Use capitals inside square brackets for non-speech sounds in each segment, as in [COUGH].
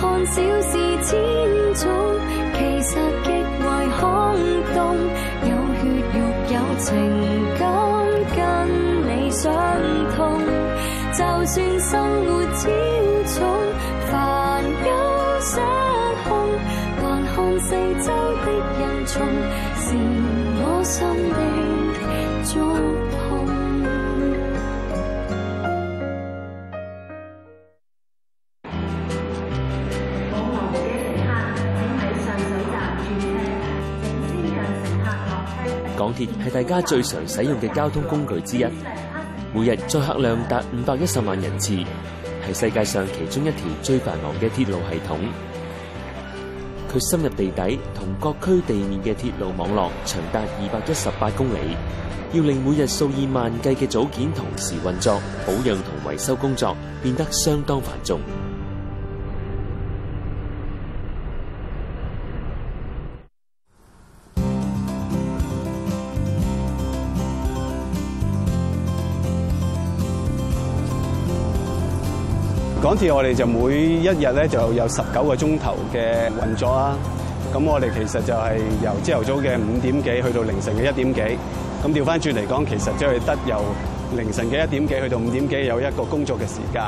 看小事千種，其實極為空洞。有血肉有情感，跟你相通。就算生活。鐵係大家最常使用嘅交通工具之一，每日載客量達五百一十萬人次，係世界上其中一條最繁忙嘅鐵路系統。佢深入地底，同各區地面嘅鐵路網絡長達二百一十八公里，要令每日數以萬計嘅組件同時運作，保養同維修工作變得相當繁重。港鐵我哋就每一日咧就有十九個鐘頭嘅運作啦，咁我哋其實就係由朝頭早嘅五點幾去到凌晨嘅一點幾，咁調翻轉嚟講，其實即係得由凌晨嘅一點幾去到五點幾有一個工作嘅時間。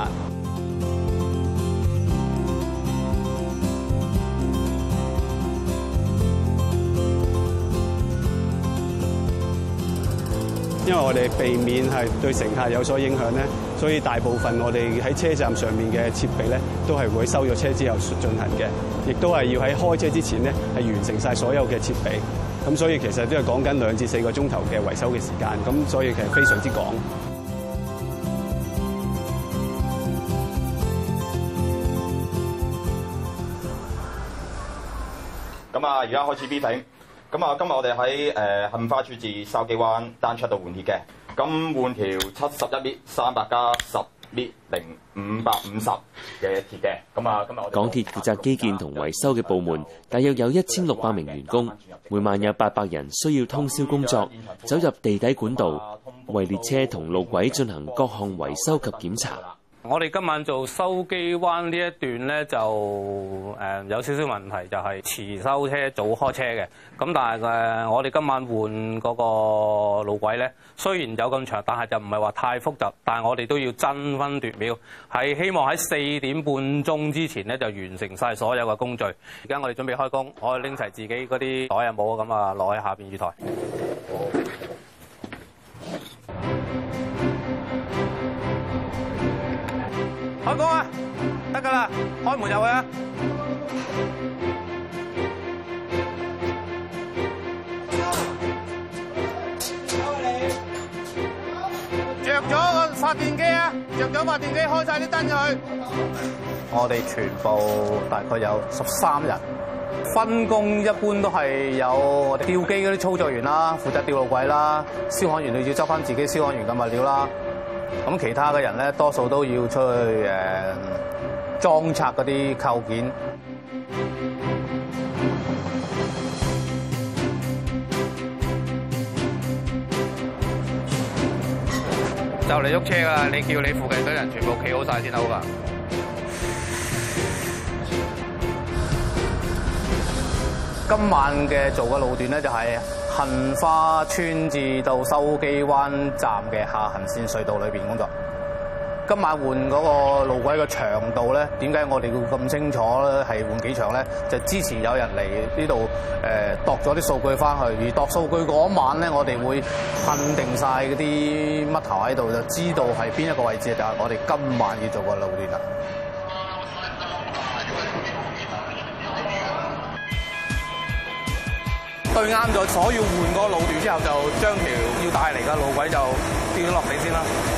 因為我哋避免係對乘客有所影響咧。所以大部分我哋喺車站上面嘅設備咧，都係會收咗車之後進行嘅，亦都係要喺開車之前咧，係完成晒所有嘅設備。咁所以其實都係講緊兩至四個鐘頭嘅維修嘅時間。咁所以其實非常之趕。咁啊，而家開始 B 艇。咁、呃、啊，今日我哋喺誒杏花邨至筲箕灣單出度換鐵嘅。咁換條七十一列三百加十列零五百五十嘅鐵嘅，咁啊，咁啊，港鐵負責基建同維修嘅部門，大約有一千六百名員工，每晚有八百人需要通宵工作，走入地底管道，為列車同路軌進行各項維修及檢查。我哋今晚做筲箕灣呢一段呢，就、嗯、有少少問題，就係、是、遲收車、早開車嘅。咁但係、呃、我哋今晚換嗰個路軌呢，雖然有咁長，但係就唔係話太複雜。但係我哋都要爭分奪秒，係希望喺四點半鐘之前呢，就完成晒所有嘅工序。而家我哋準備開工，我哋拎齊自己嗰啲袋啊帽咁啊，落喺下面雨台。開門入去啊！着咗個發電機啊！着咗發電機，開晒啲燈去。我哋全部大概有十三人，分工一般都係有我哋吊機嗰啲操作員啦，負責吊路軌啦；消防員就要執翻自己消防員嘅物料啦。咁其他嘅人咧，多數都要出去誒。裝拆嗰啲構件，就嚟喐車啦！你叫你附近啲人全部企好晒先得噶。今晚嘅做嘅路段咧，就係杏花村至到筲箕灣站嘅下行線隧道裏邊工作。今晚換嗰個路軌嘅長度咧，點解我哋會咁清楚咧？係換幾長咧？就是、之前有人嚟呢度誒度咗啲數據翻去，而度數據嗰晚咧，我哋會肯定曬嗰啲乜頭喺度，就知道係邊一個位置就係、是、我哋今晚要做個路段。啦。對啱咗，所以換個路段之後，就將條要帶嚟嘅路軌就掉落地先啦。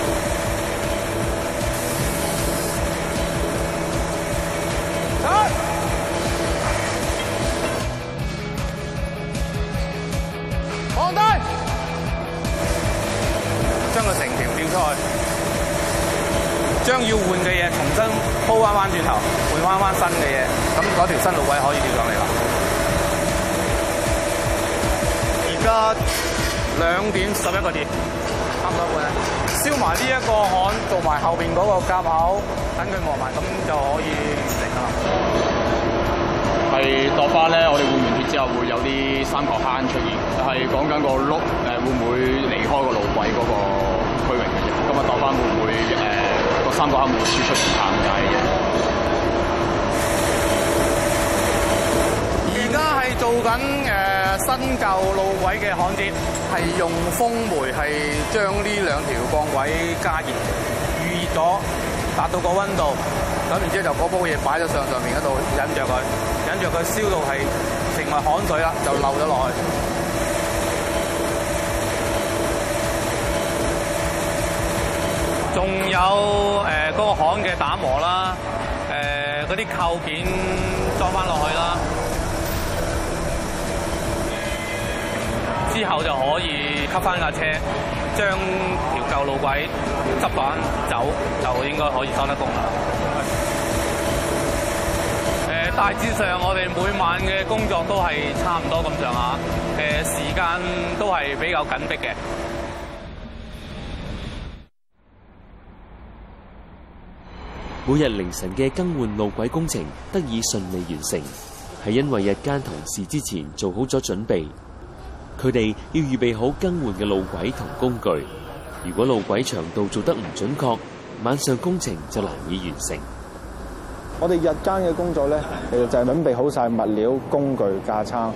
將要換嘅嘢重新鋪返返轉頭，換返返新嘅嘢，咁嗰條新路軌可以調上嚟啦。而家兩點十一個點，差唔多半啦。燒埋呢一個焊，做埋後面嗰個夾口，等佢磨埋，咁就可以完成啦。係落翻咧，我哋換完鐵之後會有啲三角坑出現，係講緊個碌誒會唔會離開個路軌嗰個區域。今日落翻會唔會誒三個坑會輸出唔行街嘅？而家係做緊誒新舊路軌嘅焊接，係用風煤係將呢兩條鋼軌加熱預熱咗，到達到個溫度，咁然之後就嗰煲嘢擺咗上上面嗰度，引着佢，引着佢燒到係成為焊水啦，就漏咗落去。仲有誒嗰、呃焊嘅打磨啦，誒嗰啲扣件裝翻落去啦，之後就可以吸翻架車，將條舊路軌執板走，就應該可以收得工啦。誒大致上，我哋每晚嘅工作都係差唔多咁上下，誒、呃、時間都係比較緊迫嘅。每日凌晨嘅更換路軌工程得以順利完成，係因為日間同事之前做好咗準備，佢哋要預備好更換嘅路軌同工具。如果路軌長度做得唔準確，晚上工程就難以完成。我哋日間嘅工作咧，其實就係、是、準備好晒物料、工具、架撐。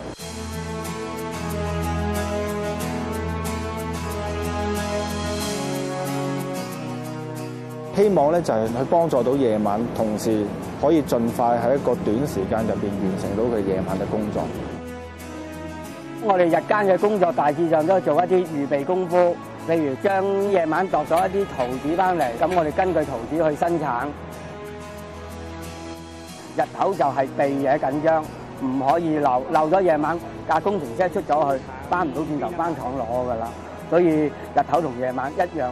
希望咧就係去幫助到夜晚，同時可以盡快喺一個短時間入邊完成到佢夜晚嘅工作。我哋日間嘅工作大致上都係做一啲預備功夫，例如將夜晚作咗一啲圖紙翻嚟，咁我哋根據圖紙去生產。日頭就係避嘢緊張，唔可以漏漏咗夜晚架工程車出咗去，翻唔到轉頭翻廠攞㗎啦。所以日頭同夜晚一樣。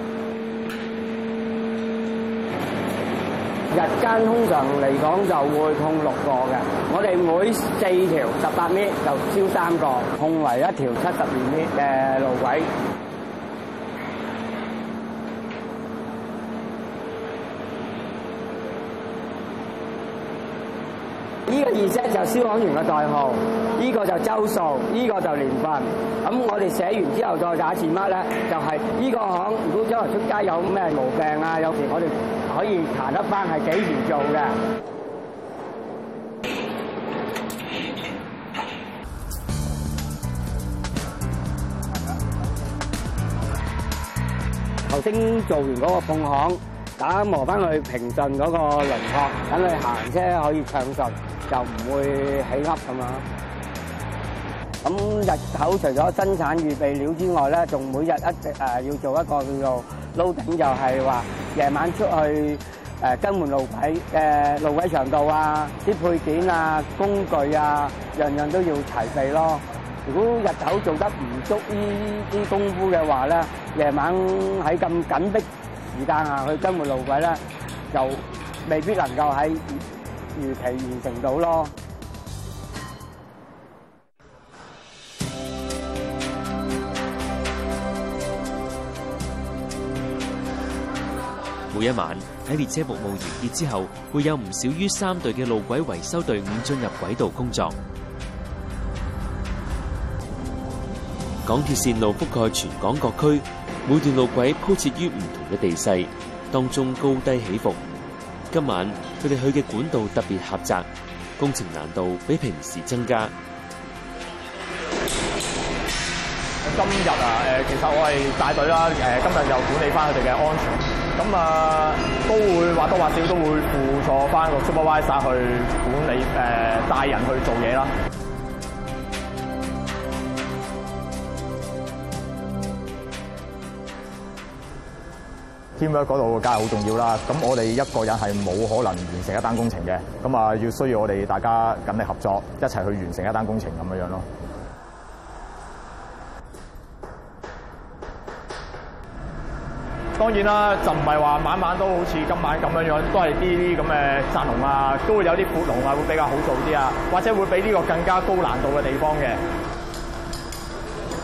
日間通常嚟講就會控六個嘅，我哋每四條十八米就燒三個，控為一條七十二米嘅路軌。二 s 就消防員嘅代號，依個就周數，依個就年份。咁我哋寫完之後再打字乜咧？就係依個行，如果將來出街有咩毛病啊，有時我哋可以查得翻係幾時做嘅。頭先做完嗰個碰行，打磨翻去平順嗰個輪廓，等佢行車可以暢順。就唔會起鴨咁樣。咁日頭除咗生產預備料之外咧，仲每日一直誒要做一個叫做 loading，就係話夜晚出去誒更換路軌嘅路軌長度啊、啲配件啊、工具啊，樣樣都要齊備咯。如果日頭做得唔足呢啲功夫嘅話咧，夜晚喺咁緊逼時間啊去更換路軌咧，就未必能夠喺。如期完成到咯！每一晚喺列車服務完結之後，會有唔少於三隊嘅路軌維修隊伍進入軌道工作。港鐵線路覆蓋全港各區，每段路軌鋪設於唔同嘅地勢當中，高低起伏。今晚。佢哋去嘅管道特別狹窄，工程難度比平時增加。今日啊，誒、呃，其實我係帶隊啦，誒、呃，今日又管理返佢哋嘅安全，咁啊、呃，都會或多或少都會輔助返個 supervisor 去管理，誒、呃，帶人去做嘢啦。teamwork 嗰度梗係好重要啦！咁我哋一個人係冇可能完成一單工程嘅，咁啊要需要我哋大家緊力合作，一齊去完成一單工程咁樣樣咯。當然啦，就唔係話晚晚都好似今晚咁樣樣，都係啲啲咁嘅窄龍啊，都會有啲闊龍啊，會比較好做啲啊，或者會比呢個更加高難度嘅地方嘅。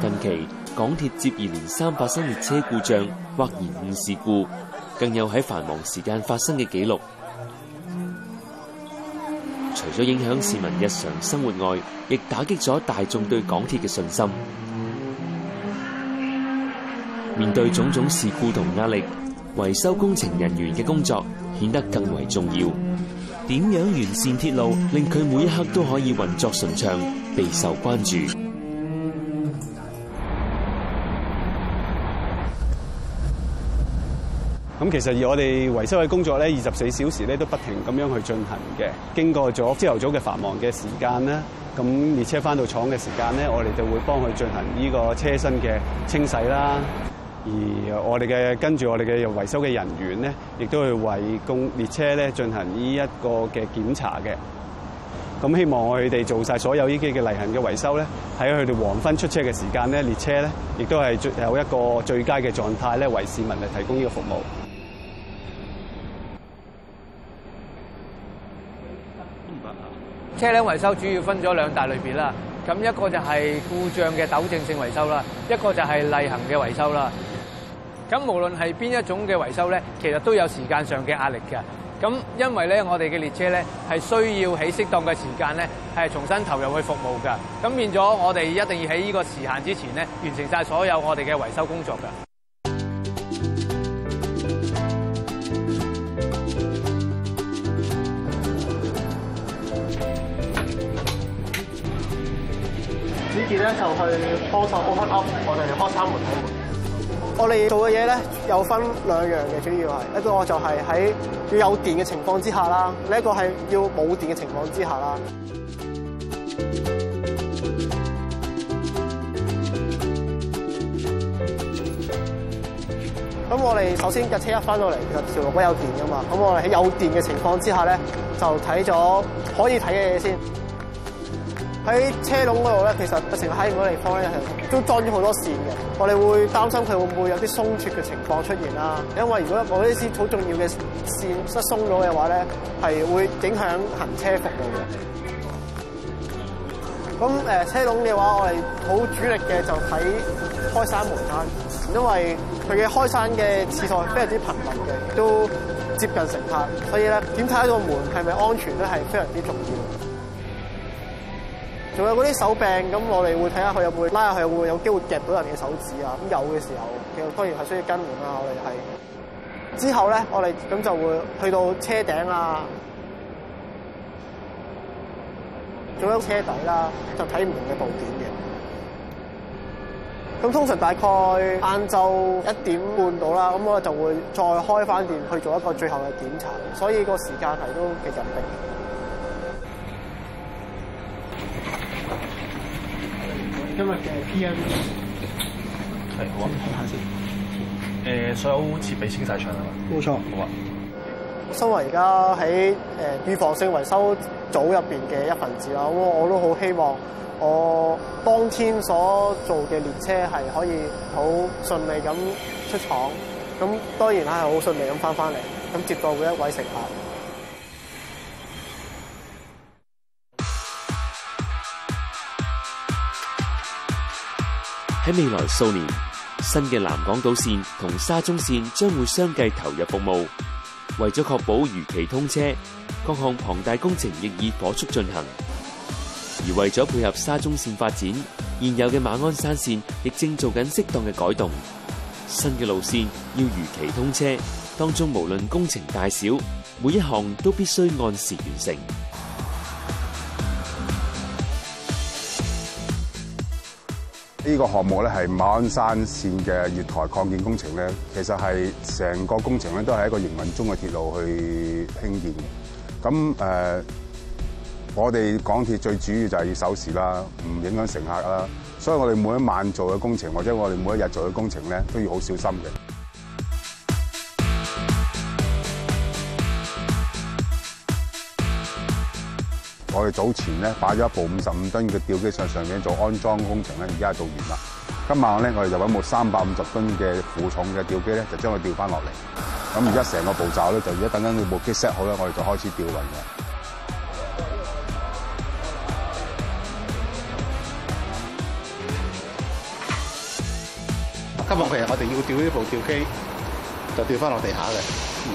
近期港鐵接二連三發生列車故障或延誤事故，更有喺繁忙時間發生嘅記錄。除咗影響市民日常生活外，亦打擊咗大眾對港鐵嘅信心。面對種種事故同壓力，維修工程人員嘅工作顯得更為重要。點樣完善鐵路，令佢每一刻都可以運作順暢，備受關注。其實而我哋維修嘅工作咧，二十四小時咧都不停咁樣去進行嘅。經過咗朝頭早嘅繁忙嘅時間啦，咁列車翻到廠嘅時間咧，我哋就會幫佢進行呢個車身嘅清洗啦。而我哋嘅跟住我哋嘅維修嘅人員咧，亦都去為公列車咧進行呢一個嘅檢查嘅。咁希望我哋做晒所有呢啲嘅例行嘅維修咧，喺佢哋黃昏出車嘅時間咧，列車咧亦都係有一個最佳嘅狀態咧，為市民嚟提供呢個服務。車輛維修主要分咗兩大類別啦，咁一個就係故障嘅糾正性維修啦，一個就係例行嘅維修啦。咁無論係邊一種嘅維修咧，其實都有時間上嘅壓力嘅。咁因為咧，我哋嘅列車咧係需要喺適當嘅時間咧係重新投入去服務㗎。咁變咗我哋一定要喺呢個時限之前咧完成晒所有我哋嘅維修工作㗎。咧就去幫手開開開，我哋開三門、開五我哋做嘅嘢咧有分兩樣嘅，主要係一個就係喺要有電嘅情況之下啦，另一個係要冇電嘅情況之下啦。咁 [MUSIC] 我哋首先架車一翻到嚟，其實條路都有電㗎嘛。咁我哋喺有電嘅情況之下咧，就睇咗可以睇嘅嘢先。喺車籠嗰度咧，其實成日喺嗰啲地方咧，係都裝咗好多線嘅。我哋會擔心佢會唔會有啲鬆脱嘅情況出現啦。因為如果一啲好重要嘅線失鬆咗嘅話咧，係會影響行車服務嘅。咁誒車籠嘅話，我哋好主力嘅，就喺開閂門啦。因為佢嘅開閂嘅次數非常之頻密嘅，都接近乘客，所以咧點睇一個門係咪安全咧，係非常之重要的。仲有嗰啲手柄，咁我哋會睇下佢有冇拉下去，佢有冇有機會夾到人嘅手指啊？咁有嘅時候，其實當然係需要更換啦。我哋係之後咧，我哋咁就會去到車頂啊，仲有車底啦，就睇唔同嘅部件嘅。咁通常大概晏晝一點半到啦，咁我就會再開翻電去做一個最後嘅檢查。所以個時間係都幾緊密。今日嘅 PM 係好啊，睇下先看看。誒、呃，所有設備清曬場係嘛？冇錯。好啊。身為而家喺誒預防性維修組入邊嘅一份子啦，我我都好希望我當天所做嘅列車係可以好順利咁出廠。咁當然啦，係好順利咁翻返嚟，咁接到每一位乘客。喺未來數年，新嘅南港島綫同沙中綫將會相繼投入服務。為咗確保如期通車，各項龐大工程亦已火速進行。而為咗配合沙中綫發展，現有嘅馬鞍山綫亦正做緊適當嘅改動。新嘅路綫要如期通車，當中無論工程大小，每一項都必須按時完成。呢個項目咧，係馬鞍山線嘅月台擴建工程咧，其實係成個工程咧都係一個營運中嘅鐵路去興建嘅。咁誒，我哋港鐵最主要就係要守時啦，唔影響乘客啦。所以我哋每一晚做嘅工程或者我哋每一日做嘅工程咧，都要好小心嘅。我哋早前咧擺咗一部五十五噸嘅吊機上上面做安裝工程咧，而家係做完啦。今晚咧我哋就揾部三百五十噸嘅負重嘅吊機咧，就將佢吊翻落嚟。咁而家成個步驟咧，就而家等緊部機 set 好咧，我哋就開始吊運嘅。今日其實我哋要吊呢部吊機，就吊翻落地下嘅。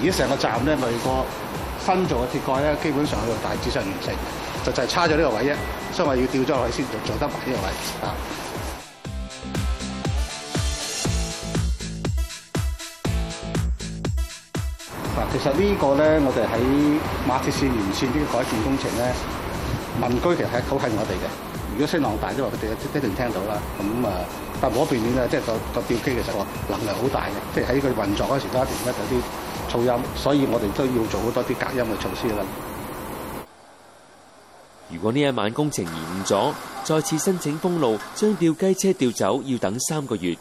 而家成個站咧，咪個新造嘅鐵蓋咧，基本上係大致上完成。就就係差咗呢個位啫，所以話要吊咗落去先做做得埋呢個位。嗱，其實呢個咧，我哋喺馬鐵線沿線嘅改善工程咧，民居其實係好近我哋嘅。如果聲浪大嘅話，即係話佢哋一定聽到啦。咁啊，但冇得避免啊，即係個個吊機其實個能量好大嘅，即係喺佢運作嗰時，不斷有啲噪音，所以我哋都要做好多啲隔音嘅措施啦。如果呢一晚工程延誤咗，再次申請封路，將吊機車吊走，要等三個月。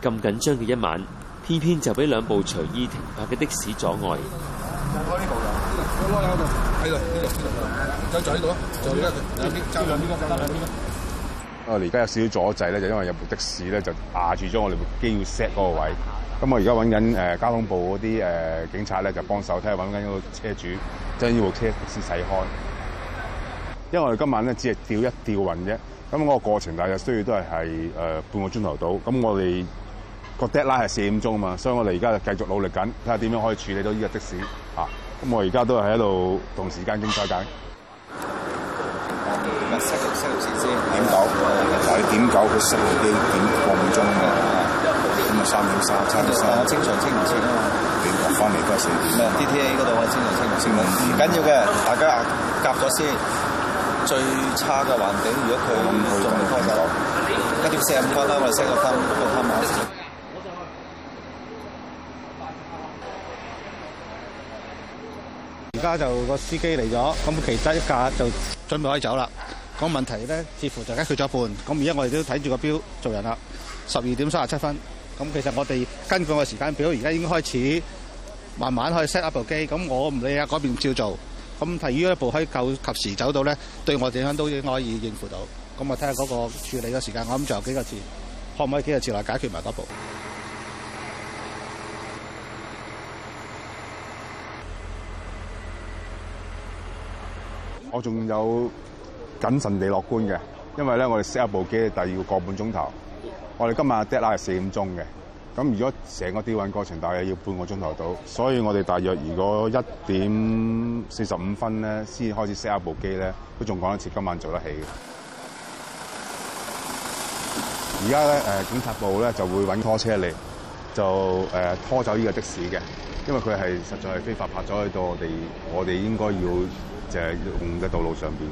咁緊張嘅一晚，偏偏就俾兩部隨意停泊嘅的士阻礙。開呢部啦，開啦，喺度，就喺度咯，就而家，揸住呢個就得啦。我哋而家有少少阻滯咧，就因為有部的士咧就壓住咗我哋部機要 set 嗰個位。咁我而家揾緊誒交通部嗰啲誒警察咧就幫手，睇下揾緊個車主，將呢部車先駛開。因為我哋今晚咧只係吊一吊運啫，咁我個過程大約需要都係係半個鐘頭到。咁我哋個 deadline 係四點鐘啊嘛，所以我哋而家就繼續努力緊，睇下點樣可以處理到呢個的士吓咁我而家都係喺度同時間精細計 souh…。四線先點九，點九佢四點點半鐘嘅。五三五三，差唔多。我正常清唔清？啊嘛，點嚟都係四點。咩？D T A 嗰度我正常清唔緊要嘅，大家夾咗先。最差嘅環境，如果佢仲未開走，一條石骨啦，或者石骨骨頭馬。而家就個司機嚟咗，咁其他一架就準備可以走啦。咁問題咧，似乎就解決咗一半。咁而家我哋都睇住個標做人啦。十二點三十七分，咁其實我哋根據個時間表，而家已經開始慢慢去 set up 部機。咁我唔理啊，嗰邊照做。咁提於一步可以夠及時走到咧，對我哋鄉都應該可以應付到。咁啊，睇下嗰個處理嘅時間，我諗仲有幾個字，可唔可以幾個字內解決埋 double？我仲有謹慎地樂觀嘅，因為咧，我哋 set 一部機第二個半鐘頭，我哋今日 deadline 係四點鐘嘅。咁如果成個吊運過程，大約要半個鐘頭到，所以我哋大約如果一點四十五分咧，先開始 set 下部機咧，都仲趕得切，今晚做得起嘅。而家咧，誒警察部咧就會搵拖車嚟，就拖走呢個的士嘅，因為佢係實在係非法泊咗喺到我哋，我哋應該要就係用嘅道路上邊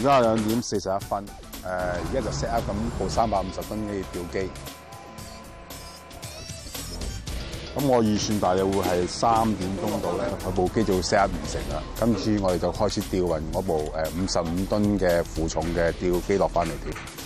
而家係兩點四十一分，誒，而家就 set up 咁部三百五十噸嘅吊機。咁我預算大約會係三點鐘到咧，佢部機就會 set up 完成啦。今次我哋就開始吊運嗰部誒五十五噸嘅負重嘅吊機落翻嚟吊。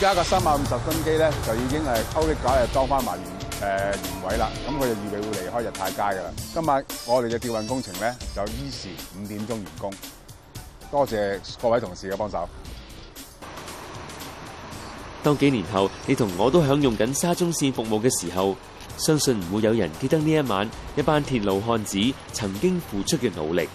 而家嘅三百五十噸機咧就已經誒，抽 lift 架裝翻埋誒原位啦。咁佢就預備會離開日泰街噶啦。今日我哋嘅吊運工程咧就依時五點鐘完工。多謝各位同事嘅幫手。當幾年後，你同我都享用緊沙中線服務嘅時候，相信唔會有人記得呢一晚一班鐵路漢子曾經付出嘅努力。